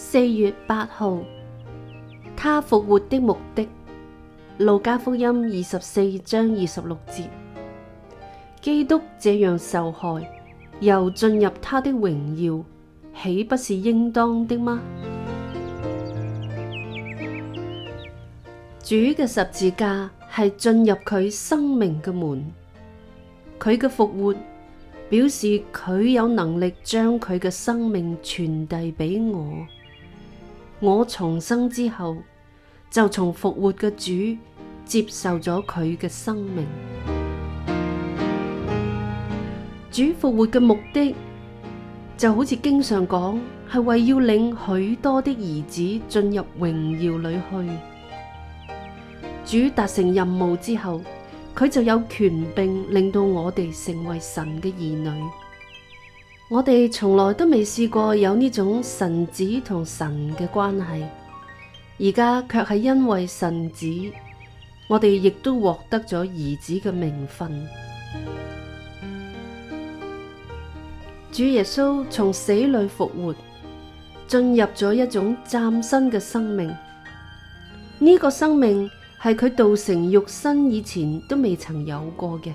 四月八號，他復活的目的，《路加福音》二十四章二十六節，基督這樣受害，又進入他的榮耀，豈不是應當的嗎？主嘅十字架係進入佢生命嘅門，佢嘅復活表示佢有能力將佢嘅生命傳遞畀我。我重生之後，就從復活嘅主接受咗佢嘅生命。主復活嘅目的，就好似經常講，係為要領許多的兒子進入榮耀裏去。主達成任務之後，佢就有權柄令到我哋成為神嘅兒女。我哋從來都未試過有呢種神子同神嘅關係，而家卻係因為神子，我哋亦都獲得咗兒子嘅名分。主耶穌從死裏復活，進入咗一種嶄新嘅生命。呢個生命係佢道成肉身以前都未曾有過嘅，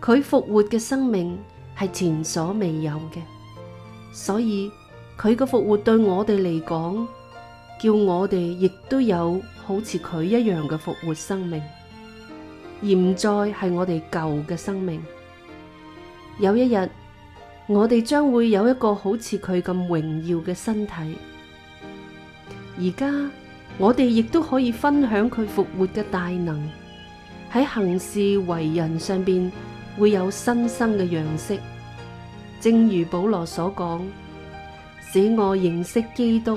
佢復活嘅生命。係前所未有嘅，所以佢嘅復活對我哋嚟講，叫我哋亦都有好似佢一樣嘅復活生命，而唔再係我哋舊嘅生命。有一日，我哋將會有一個好似佢咁榮耀嘅身體。而家我哋亦都可以分享佢復活嘅大能，喺行事為人上面。會有新生嘅樣式，正如保羅所講，使我認識基督，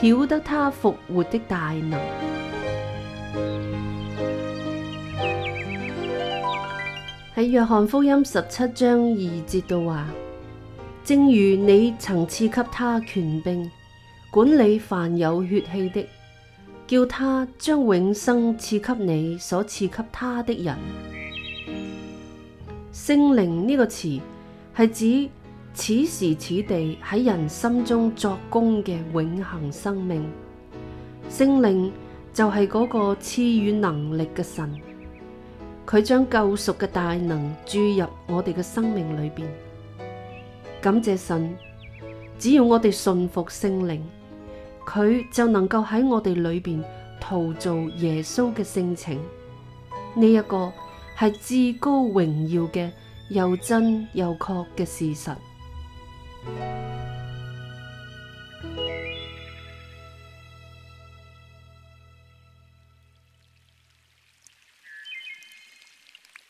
曉得他復活的大能。喺 約翰福音十七章二節嘅話：正如你曾賜給他權柄管理凡有血氣的，叫他將永生賜給你所賜給他的人。聖靈呢個詞係指此時此地喺人心中作工嘅永恒生命。聖靈就係嗰個賜予能力嘅神，佢將救贖嘅大能注入我哋嘅生命裏邊。感謝神，只要我哋信服聖靈，佢就能夠喺我哋裏邊陶造耶穌嘅性情呢一、這個。係至高榮耀嘅又真又確嘅事實。